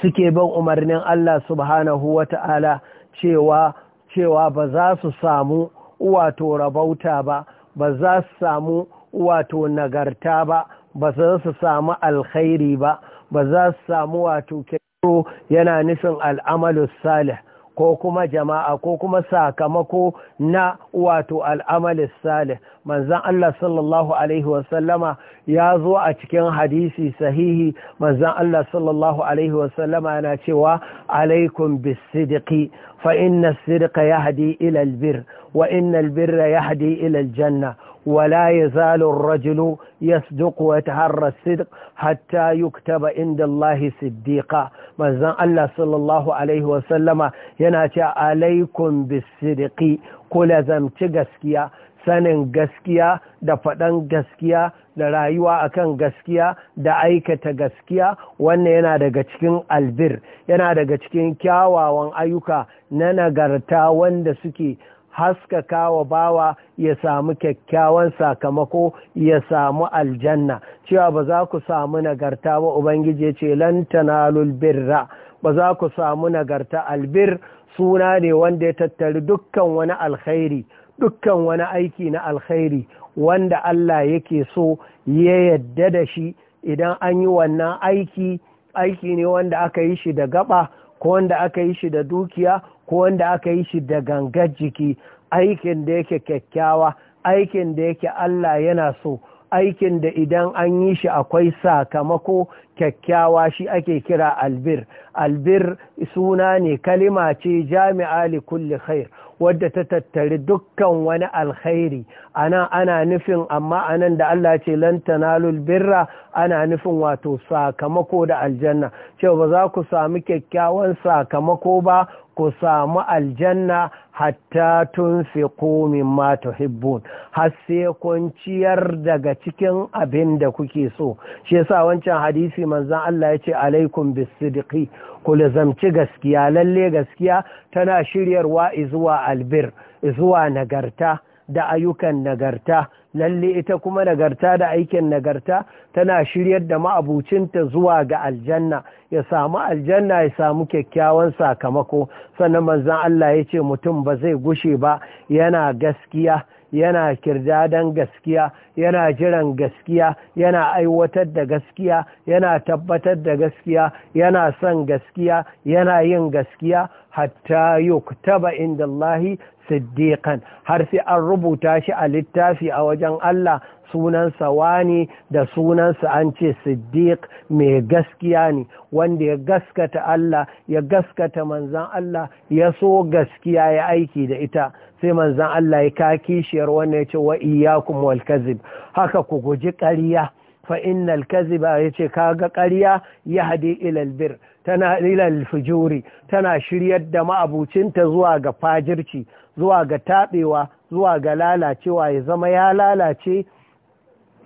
suke bin umarnin Allah subhanahu wa ta'ala cewa cewa ba za su samu wato rabauta ba ba za su samu wato nagarta ba ba za su samu alkhairi ba ba za su samu wato kiro yana nufin al'amalus salih ko kuma jama'a ko kuma sakamako na wato al'amalin salih manzan Allah sallallahu Alaihi wasallama ya zo a cikin hadisi sahihi manzan Allah sallallahu Alaihi wasallama yana cewa alaikum bisidiki fa inna sidika ya hadi ilal bir wa inna albirra ya hadi ilal janna ولا يزال الرجل يصدق ويتهرى الصدق حتى يكتب عند الله صديقا manzon Allah sallallahu Alaihi عليه yana ce alaikum بالصدق kula zamci gaskiya sanin gaskiya da faɗan gaskiya da rayuwa a kan gaskiya da aikata gaskiya wannan yana daga cikin albir yana daga cikin kyawawan ayyuka na nagarta wanda suke haskaka wa bawa ya samu kyakkyawan sakamako ya samu aljanna cewa ba za ku samu nagarta ba ubangiji ce lan tanalul birra ba za ku samu nagarta albir suna ne wanda ya tattari dukkan wani alkhairi dukkan wani aiki na alkhairi wanda Allah yake so ya yadda da shi idan an yi wannan aiki aiki ne wanda aka yi shi da gaba ko wanda aka yi shi da dukiya ko wanda aka yi shi da gangar jiki aikin da yake kyakkyawa aikin da yake Allah yana so aikin da idan an yi shi akwai sakamako kyakkyawa shi ake kira albir albir suna ne kalima ce jami'a li kulli khair wadda ta tattari dukkan wani alkhairi ana ana nufin amma anan da Allah ce lan tanalul birra ana nufin wato sakamako da aljanna cewa ba za ku sami kyakkyawan sakamako ba ku samu aljanna hatta tun fi komin mata hibbun hasse kun ciyar daga cikin abin da kuke so shi yasa wancan hadisi manzan Allah ya ce alaikum bisidiki ku lazamci gaskiya lalle gaskiya tana shiryarwa zuwa albir zuwa nagarta da ayyukan nagarta lalle ita kuma nagarta da aikin nagarta tana shiryar da ma'abucinta zuwa ga aljanna ya samu aljanna ya samu kyakkyawan sakamako sannan manzan Allah ya ce mutum ba zai gushe ba yana gaskiya yana kirdadan gaskiya yana jiran gaskiya yana aiwatar da gaskiya yana tabbatar da gaskiya yana son gaskiya yana yin gaskiya hatta yuktaba inda Allahi siddiqan har sai an rubuta shi a littafi a wajen Allah sunansa wani da sunansa an ce siddiq mai gaskiya ne wanda ya gaskata Allah ya gaskata manzan Allah ya so gaskiya ya aiki da ita sai manzan Allah ya ka kishiyar wanda ya ce wa iyakum wal kazib haka ku guji ƙarya fa innal kaziba yace kaga ƙarya ya hadi ilal bir tana ilal fujuri tana shiryar da ma'abucinta zuwa ga fajirci zuwa ga taɓewa zuwa ga lalacewa ya zama ya lalace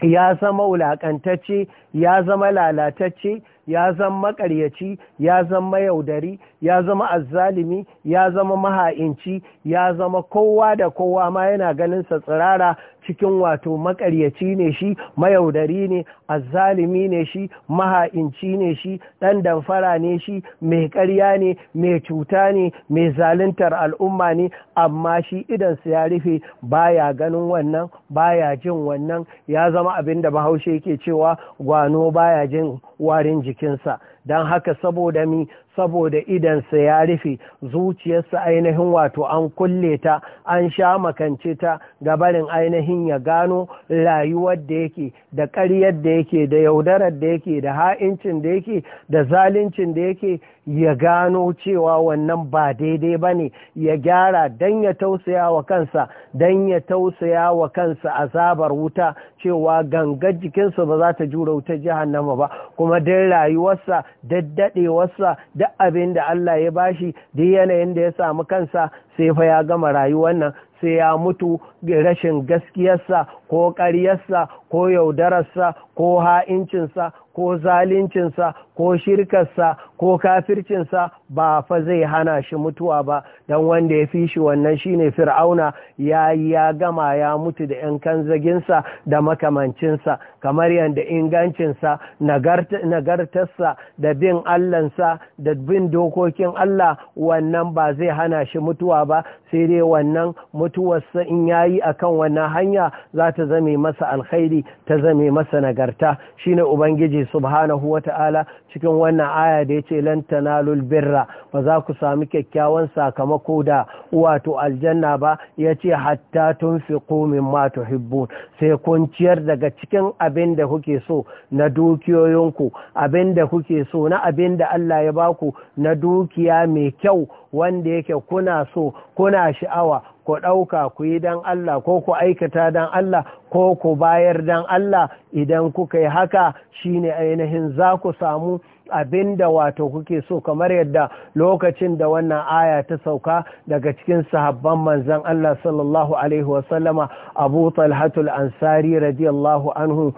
ya zama wulaƙantacce ya zama lalatacce ya zama makaryaci ya zama yaudari ya zama azzalimi ya zama maha'inci ya zama kowa da kowa ma yana ganin sa tsirara cikin wato makaryaci ne shi mayaudari ne azzalimi ne shi maha'inci ne shi ɗan damfara ne shi mai ƙarya ne mai cuta ne mai zaluntar al'umma ne amma shi idan su ya rufe baya ganin wannan baya jin wannan ya zama abin da bahaushe yake cewa gwano baya jin warin jikinsa don haka saboda mi saboda idansa ya rufe zuciyarsa ainihin wato an kulle ta an sha makance ta barin ainihin ya gano rayuwar da yake da ƙaryar da yake da yaudarar da yake da ha'incin da yake da zalincin da yake ya gano cewa wannan ba daidai ba ne ya gyara don ya tausaya wa kansa don ya tausaya wa kansa azabar wuta cewa gangar jikinsa ba za ta jura wuta nama ba kuma don rayuwarsa daddaɗewarsa da duk abin da Allah ya bashi duk yanayin da ya samu kansa sai fa ya gama rayuwar nan sai ya mutu rashin gaskiyarsa ko ƙaryarsa ko yaudararsa ko ha'incinsa ko zalincinsa ko shirkarsa ko kafircinsa ba fa zai hana shi mutuwa ba don wanda ya fi shi wannan shine fir'auna ya yi ya gama ya mutu da 'yan kanzaginsa da makamancinsa kamar yadda ingancinsa nagartarsa da bin allansa da bin dokokin allah wannan ba zai hana shi mutuwa ba sai dai wannan mutuwarsa in ya yi a kan wannan hanya za ta zame masa alkhairi ta zame masa nagarta shine ubangiji subhanahu wa ta'ala cikin wannan aya da ya ce lantanalul birra ba za ku sami kyakkyawan sakamako da wato aljanna ba ya ce hatta tun fi komin matu sai kun ciyar daga cikin abin da kuke so na dukiyoyinku abin da kuke so na abin da Allah ya baku na dukiya mai kyau wanda yake kuna so kuna sha'awa ku ɗauka ku yi dan Allah ko ku aikata dan Allah ko ku bayar dan Allah idan kuka yi haka shine ainihin za ku samu abinda wato kuke so kamar yadda lokacin da wannan aya ta sauka daga cikin sahabban manzan Allah sallallahu alaihi wasallama Abu Talhatul Ansari radiyallahu anhu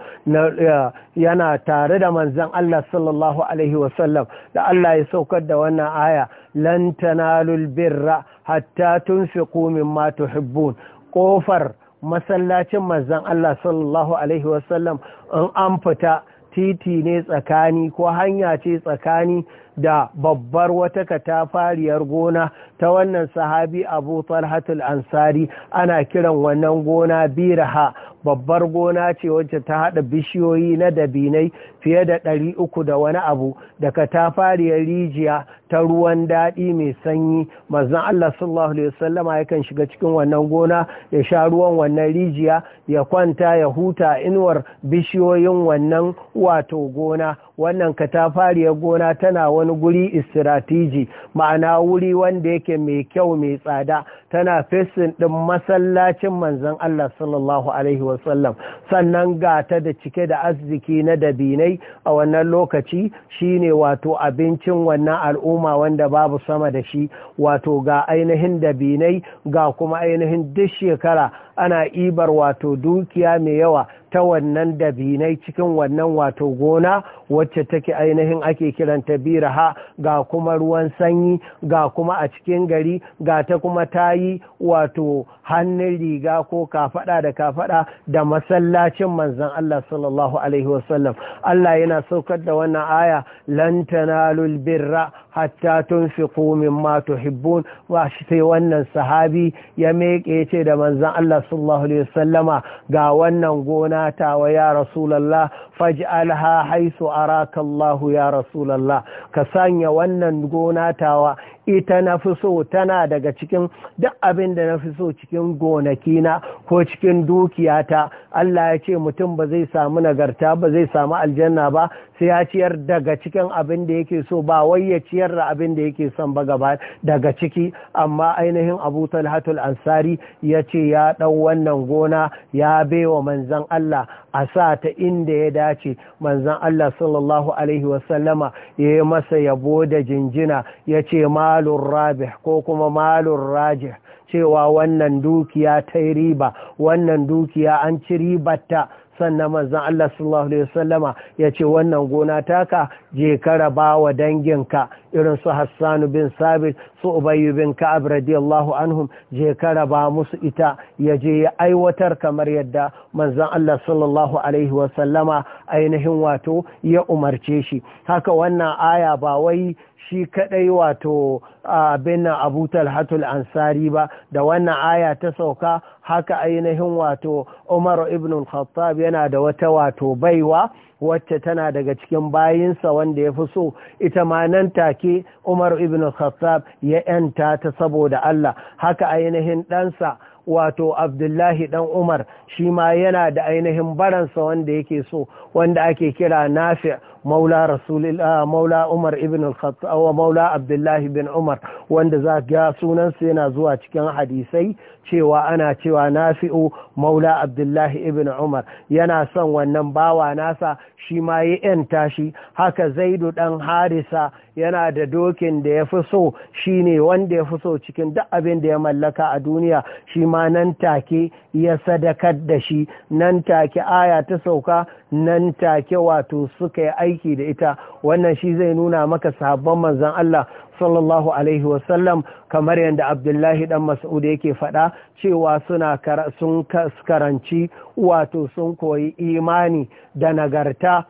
yana tare da manzan Allah sallallahu alaihi wasallam da Allah ya saukar da wannan aya lan tanalul birra hatta tunfiqu mimma tuhibbun kofar masallacin manzan Allah sallallahu alaihi wasallam in an fita titi ne tsakani ko hanya ce tsakani da babbar wata katafariyar gona ta wannan sahabi abu talhatul ansari ana kiran wannan gona biraha babbar gona ce wacce ta haɗa bishiyoyi na dabinai fiye da ɗari uku da wani abu daga fariya rijiya ta ruwan daɗi mai sanyi mazan Allah sallallahu Alaihi wasallama yakan shiga cikin wannan gona ya sha ruwan wannan rijiya ya kwanta ya huta inuwar bishiyoyin wannan wato gona wannan katafariyar gona tana wani guri istiratiji ma'ana wuri wanda yake mai kyau mai tsada tana fesin ɗin masallacin manzan Allah sallallahu Alaihi wasallam sannan gata da cike da arziki na dabinai a wannan lokaci shine wato abincin wannan al'umma wanda babu sama da shi wato ga ainihin dabinai ga kuma ainihin duk shekara ana ibar wato dukiya mai yawa ta wannan dabinai cikin wannan wato gona wacce take ainihin ake kiranta biraha ga kuma ruwan sanyi ga kuma a cikin gari ga ta kuma ta yi wato hannun riga ko kafada da kafada da masallacin manzan Allah sallallahu alaihi wasallam Allah yana saukar da wannan aya lantana birra hatta tunfiqu mimma tuhibbun wa shi sai wannan sahabi ya meke yace da manzon Allah sallallahu alaihi wasallama ga wannan gona ta wa ya rasulullah faj'alha haisu araka Allah ya rasulullah ka sanya wannan gona tawa ita na fi so tana daga cikin duk abin da na fi so cikin gonakina ko cikin dukiyata Allah ya ce mutum ba zai samu nagarta ba zai samu aljanna ba sai ya ciyar daga cikin abin da yake so ba wai ya ciyar da abin da yake son ba gaba daga ciki amma ainihin Abu Talhatul Ansari ya ce ya dau wannan gona ya baiwa manzon Allah a sa ta inda ya dace manzon Allah sallallahu alaihi wasallama ya yi masa yabo da jinjina ya ce ma malun rabih ko kuma malun rajih cewa wannan dukiya ta riba wannan dukiya an ci ribarta sannan manzan Allah sallallahu Alaihi wasallama ya ce wannan gona taka je ka raba wa danginka irin su Hassanu bin Sabit su Ubayyu bin Ka'ab radiyallahu anhum je karaba raba musu ita ya je ya aiwatar kamar yadda manzan Allah sallallahu Alaihi wasallama ainihin wato ya umarce shi haka wannan aya ba wai shi kaɗai wato abin nan abu talhatul ansari ba da wannan aya ta sauka haka ainihin wato umar ibn khattab yana da wata wato baiwa wacce tana daga cikin bayinsa wanda ya fi so ita ma nan take umar ibn khattab ya yanta ta saboda allah haka ainihin ɗansa wato abdullahi dan umar shi ma yana da ainihin baransa wanda yake so wanda ake kira nafi maula rasulillah maula umar ibn al-khattab maula abdullahi bin umar wanda za ga sunan sa yana zuwa cikin hadisai cewa ana cewa nafi'u maula abdullahi ibn umar yana son wannan bawa nasa shi ma ya yanta tashi. haka zaidu dan harisa yana da dokin da ya fi so shi ne wanda ya fi so cikin duk abin da ya mallaka a duniya shi ma nan take ya sadakar da shi nan take aya ta sauka nan nan take wato suka yi aiki da ita wannan shi zai nuna maka sabon manzan Allah sallallahu alaihi wasallam kamar yadda abdullahi dan mas'ud yake faɗa cewa suna sun karanci wato sun koyi imani da nagarta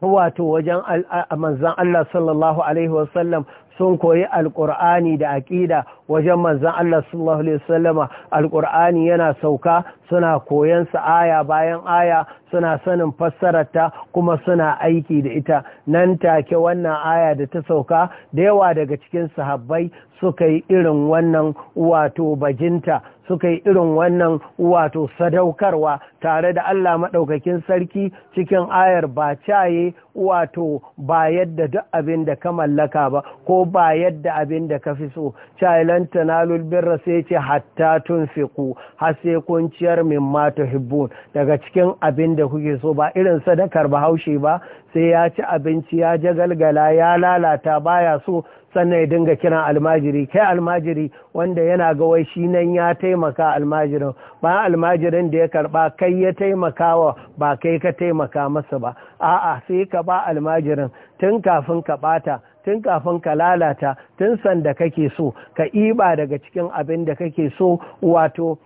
wato wajen manzan Allah sallallahu Alaihi wasallam sun koyi alƙur'ani da aƙida wajen manzan Allah sallallahu Alaihi wasallama alƙur'ani yana sauka suna koyon sa aya bayan aya suna sanin fassararta kuma suna aiki da ita nan take wannan aya da ta sauka da yawa daga cikin sahabbai suka yi irin wannan wato bajinta suka yi irin wannan wato sadaukarwa tare da Allah maɗaukakin sarki cikin ayar ba caye wato ba yadda duk abin da ka mallaka ba ko ba yadda abin da ka fi so cayilan tanalul birra sai ce hatta tun fiku har sai kun ciyar min mata hibbun daga cikin abin da kuke so ba irin sadakar bahaushe ba sai ya ci abinci ya jagalgala ya lalata baya so sannan ya dinga kiran almajiri kai almajiri wanda yana ga wai shi nan ya taimaka almajirin ba almajirin da ya karba kai ya taimaka wa ba kai ka taimaka masa ba a'a sai ka ba almajirin tun kafin ka bata tun kafin ka lalata tun sanda kake so ka iba daga cikin abin da kake so wato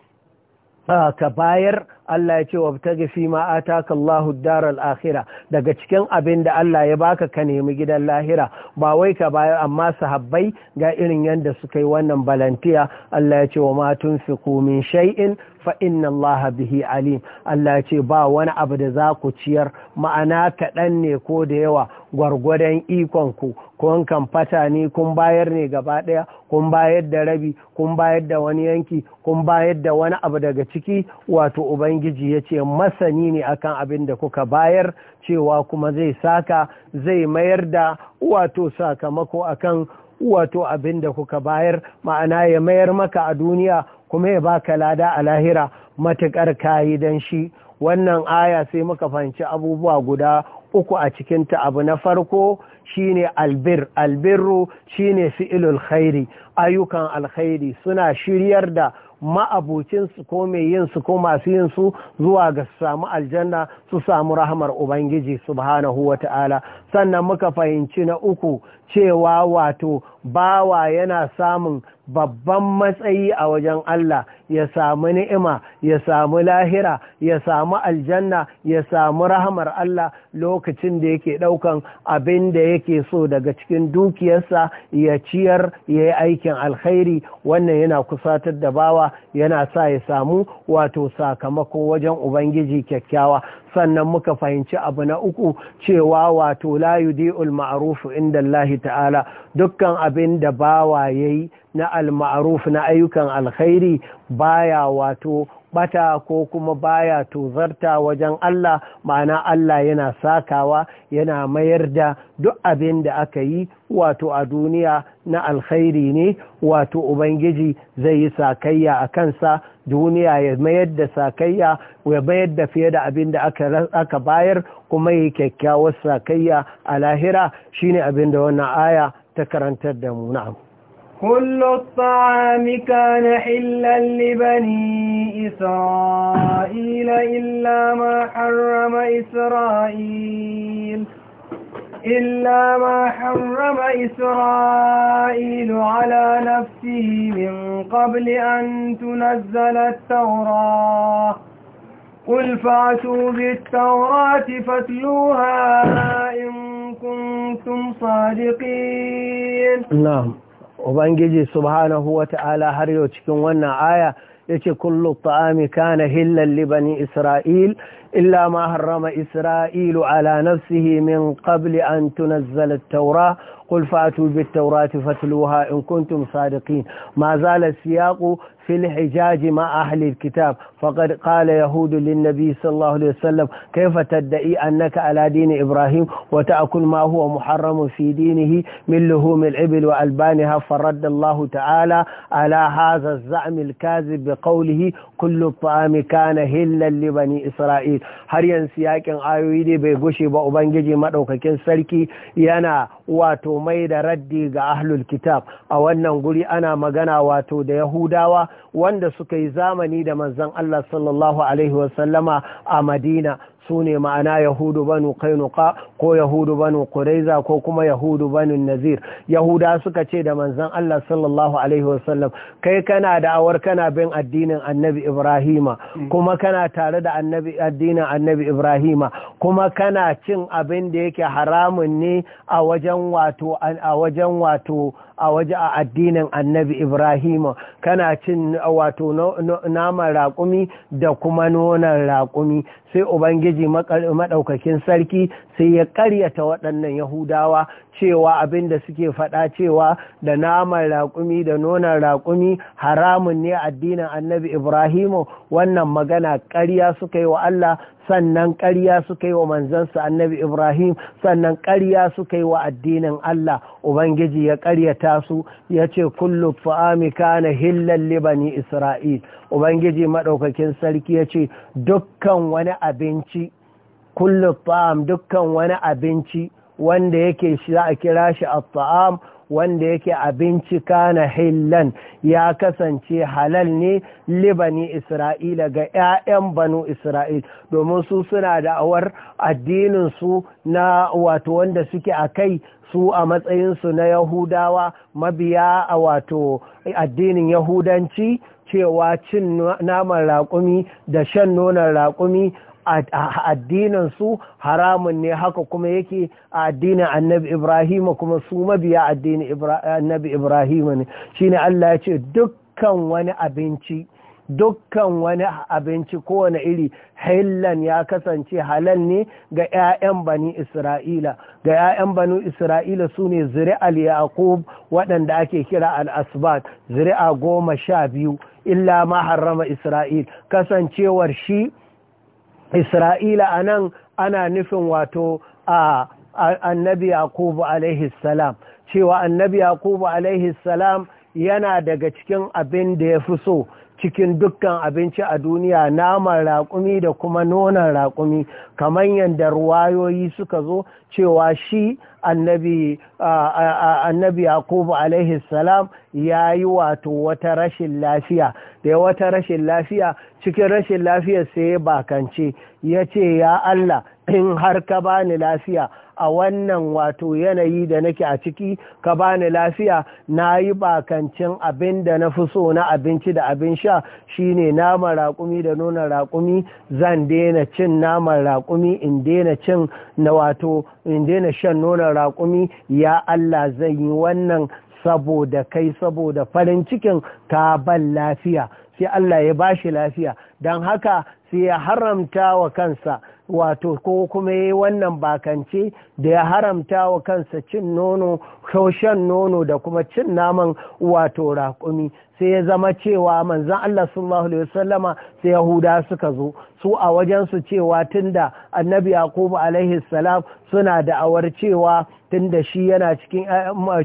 ka bayar Allah ya ce wabtaga fi ma ataka Allahu daral akhirah daga cikin abin da Allah ya baka ka nemi gidan lahira ba wai ka bayar amma sahabbai ga irin yanda suka yi wannan balantiya Allah ya ce wa ma tunfiqu min shay'in fa inna Allah bihi alim Allah ya ce ba wani abu da za ku ciyar ma'ana kaɗan ne ko da yawa gwargwadon ikon ku kun kan fata ne kun bayar ne gaba ɗaya kun bayar da rabi kun bayar da wani yanki kun bayar da wani abu daga ciki wato ubangiji ya ce masani ne akan abin da kuka bayar cewa kuma zai saka zai mayar da wato sakamako akan wato abin da kuka bayar ma'ana ya mayar maka a duniya kuma ya baka lada a lahira matukar kayi don shi wannan aya sai muka fahimci abubuwa guda uku a cikinta abu na farko shine albir albirru shine fi'ilul khairi ayyukan alkhairi suna shiryar da ma'abucinsu ko mai yinsu ko masu yin su zuwa ga su samu aljanna su samu rahmar ubangiji subhanahu wa ta'ala sannan muka fahimci na uku cewa wato bawa yana samun babban matsayi a wajen Allah ya samu ni'ima ya samu lahira ya samu aljanna ya samu rahamar Allah lokacin da yake ɗaukan abin da yake so daga cikin dukiyarsa ya ciyar ya yi aikin alkhairi wannan yana kusatar da bawa yana sa ya samu wato sakamako wajen ubangiji kyakkyawa sannan muka fahimci abu na uku cewa wato la yudi'ul ma'ruf inda Allah ta'ala dukkan abin da bawa yayi na al-ma'ruf na ayyukan alkhairi baya wato bata ko kuma baya tozarta wajen Allah ma'ana Allah yana sakawa yana mayar da duk abin da aka yi wato a duniya na alkhairi ne wato Ubangiji zai yi sakayya a kansa duniya ya mayar da sakayya ya mayar da fiye da abin da aka bayar kuma yi kyakkyawar sakayya a lahira shine abin da wannan aya ta karantar da mu na'am كل الطعام كان حلا لبني إسرائيل إلا ما حرم إسرائيل إلا ما حرم إسرائيل على نفسه من قبل أن تنزل التوراة قل فأتوا بالتوراة فاتلوها إن كنتم صادقين نعم وبنجي سبحانه وتعالى هريوتكم تكون آية يتي كل الطعام كان هلا لبني إسرائيل إلا ما هرم إسرائيل على نفسه من قبل أن تنزل التوراة قل فأتوا بالتوراة فاتلوها إن كنتم صادقين ما زال السياق في الحجاج مع أهل الكتاب فقد قال يهود للنبي صلى الله عليه وسلم كيف تدعي أنك على دين إبراهيم وتأكل ما هو محرم في دينه من لهوم الإبل وألبانها فرد الله تعالى على هذا الزعم الكاذب بقوله كل الطعام كان هلا لبني إسرائيل هريا سياق آيويدي بيقشي بأبنجي مدوككين سلكي ينا واتو komai da raddi ga ahlul kitab a wannan guri ana magana wato da yahudawa wanda suka yi zamani da manzon Allah sallallahu alaihi wasallama a Madina su ne ma'ana yahudu banu kainuka ko yahudu banu kuraiza ko kuma yahudu banu nazir yahuda suka ce da manzan Allah sallallahu alaihi wasallam kai kana da'awar kana bin addinin annabi ibrahima mm. kuma kana tare da addinin annabi ibrahima kuma kana cin abin da yake haramun ne a wajen a wajen wato a waje a addinin annabi Ibrahimu kana cin wato naman raƙumi da kuma nonon raƙumi sai Ubangiji maɗaukakin sarki sai ya ƙaryata waɗannan Yahudawa cewa abin da suke faɗa cewa da naman raƙumi da nonon raƙumi haramun ne addinin annabi Ibrahimu, wannan magana ƙarya suka yi wa Allah sannan ƙarya suka yi wa manzansa annabi Ibrahim sannan ƙarya suka yi wa addinin Allah Ubangiji ya ƙaryata su ya ce kullu fa'ami kana hillan libani Isra'il Ubangiji maɗaukakin sarki ya ce dukkan wani abinci kullu fa'am dukkan wani abinci wanda yake shi za a kira shi a fa’am wanda yake abinci kana hillan ya kasance halal ne libani isra'ila ga 'ya'yan banu isra'il domin su suna da awar addininsu na wato wanda suke a kai su a matsayinsu na yahudawa mabiya a wato addinin yahudanci cewa cin naman raƙumi da shan nonon raƙumi a addinin su haramun ne haka kuma yake a addinin annabi Ibrahim, kuma su mabiya addinin annabi Ibrahim ne shine Allah ya ce dukkan wani abinci dukkan wani abinci kowane iri hillan ya kasance halal ne ga 'ya'yan bani isra'ila ga 'ya'yan bani isra'ila su ne zuri'al yaqub waɗanda ake kira al zuri'a goma sha biyu illa ma harrama isra'il kasancewar shi isra'ila a nan ana nufin wato a annabi Yakubu salam cewa annabi Yakubu salam yana daga cikin abin da ya fi so cikin dukkan abinci a duniya naman raƙumi da kuma nonon raƙumi kamar yadda ruwayoyi suka zo cewa shi annabi yakubu alaihi salam ya yi wato wata rashin lafiya da wata rashin lafiya cikin rashin lafiya sai ya bakance ya ce ya Allah in har ka bani lafiya a wannan wato yanayi da nake a ciki ka bani lafiya na yi bakancin abin da na fi so na abinci da abin sha shine naman raƙumi da nuna raƙumi zan daina cin naman raƙumi in daina cin na wato in daina shan nuna raƙumi ya Allah zai yi wannan saboda kai saboda farin cikin ka ban lafiya sai Allah ya bashi lafiya don haka sai ya haramta wa kansa wato ko kuma ya yi wannan bakance da ya haramta wa kansa cin nono shan nono da kuma cin naman wato raƙumi sai ya zama cewa manzan Allah sallallahu alaihi wasallama sai Yahuda suka zo su a wajen su cewa tunda annabi Yakubu alaihi salam suna da'awar cewa Tun da shi yana cikin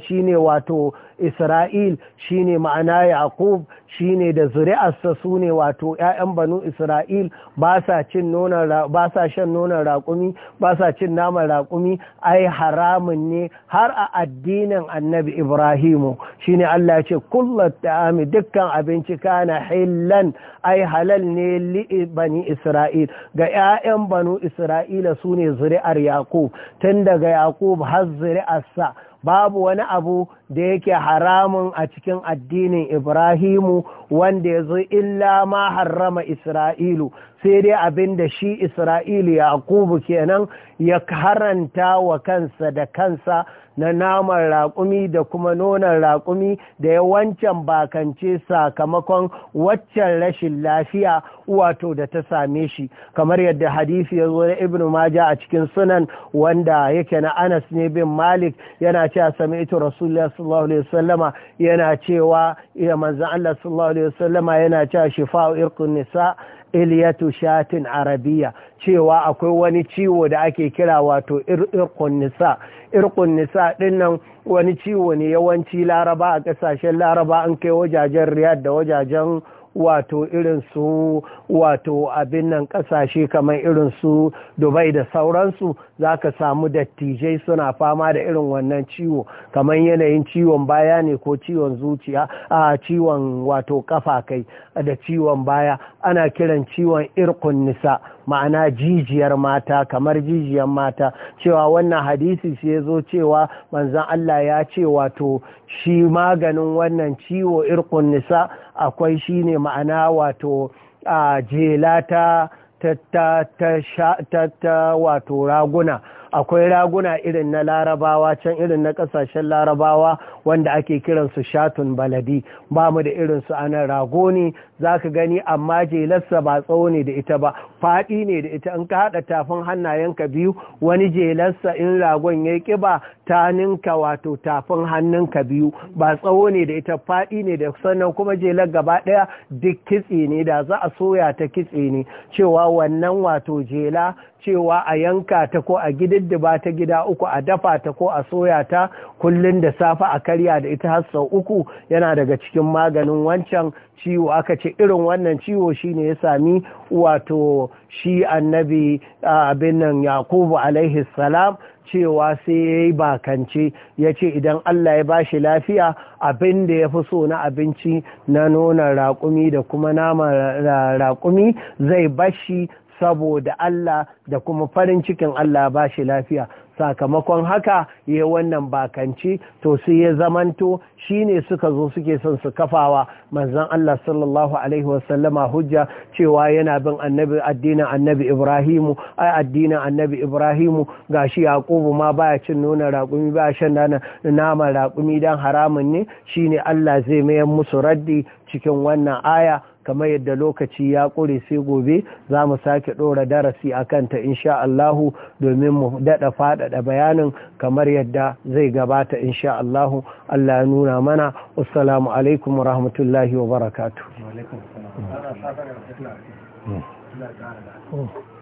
shi ne wato isra'il shi ne ma'ana yaqub shi ne da zuri'arsa su ne wato 'ya'yan banu isra'il ba sa shan nonon raƙumi ba sa cin naman raƙumi ai haramun ne har a addinin annabi ibrahimu shine Allah ce ce kullu ami dukkan abinci kana hillan ai halal ne li bani Isra'il ga 'ya'yan banu Isra'ila su ne zuri'ar yaƙub tun daga yaƙub har zuri'arsa babu wani abu da yake haramun a cikin addinin Ibrahimu wanda ya zo illa ma harrama Isra'ilu sai dai abin da shi Isra'ilu Yakubu kenan ya karanta wa kansa da kansa na naman raƙumi da kuma nonon raƙumi da ya wancan bakance sakamakon waccan rashin lafiya wato da ta same shi kamar yadda hadisi ya zo na ibnu maja a cikin sunan wanda yake na anas ne bin malik yana cewa ito rasulullah sallallahu alaihi wasallama yana cewa ya manzan Allah sallallahu alaihi wasallama yana cewa shifa'u irqun nisa iliyatu shatin arabiya cewa akwai wani ciwo da ake kira wato irkun nisa irkun nisa dinnan wani ciwo ne yawanci laraba a kasashen laraba an kai wajajen riyad da wajajen wato irin su wato abin nan kasashe kamar irin su dubai da sauransu za ka samu dattijai suna fama da irin wannan ciwo kamar yanayin ciwon baya ne ko ciwon zuciya a ciwon wato kafa kai da ciwon baya ana kiran ciwon irkun nisa ma'ana jijiyar mata kamar jijiyar mata cewa wannan hadisi shi ya zo cewa manzan Allah ya ce wato shi maganin wannan ciwo irkun nisa akwai shi ne ma'ana wato a jela ta ta ta wato raguna akwai raguna irin na larabawa can irin na kasashen larabawa wanda ake kiransu shatun baladi ba mu da irinsu a nan rago ne za ka gani amma jelarsa ba tsawo ne da ita ba faɗi ne da ita in ka haɗa tafin hannayenka biyu wani jelarsa in ragon ya ƙiba ta ninka wato tafin hannunka biyu ba tsawo ne da ita faɗi ne da sannan kuma jelar gaba ɗaya duk kitse ne da za a soya ta kitse ne cewa wannan wato jela cewa a yanka ta ko a gididdiba ta gida uku a dafa ta ko a soya ta kullum da safe a karya da ita har sau uku yana daga cikin maganin wancan ciwo aka ce irin wannan ciwo shi ne ya sami wato shi annabi abin nan yakubu alaihi salam cewa sai ya yi bakance ya ce idan Allah ya bashi lafiya abin da ya fi so na abinci na nonon raƙumi da kuma naman raƙumi zai bashi saboda Allah da kuma farin cikin Allah ba shi lafiya sakamakon haka ya wannan bakanci to sai ya zamanto shi ne suka zo suke son su kafawa manzon Allah sallallahu alaihi wasallama hujja cewa yana bin annabi addinin annabi Ibrahimu ai addinin annabi Ibrahimu gashi Yakubu ma baya cin nuna raƙumi baya shan nama raƙumi don haramun ne shine Allah zai mayar musu raddi cikin wannan aya kamar yadda lokaci ya ƙure sai gobe za mu sake ɗora darasi a kanta insha Allahu domin mu daɗa faɗaɗa bayanin kamar yadda zai gabata insha Allahu Allah ya nuna mana assalamu alaikum rahmatullahi wa barakatu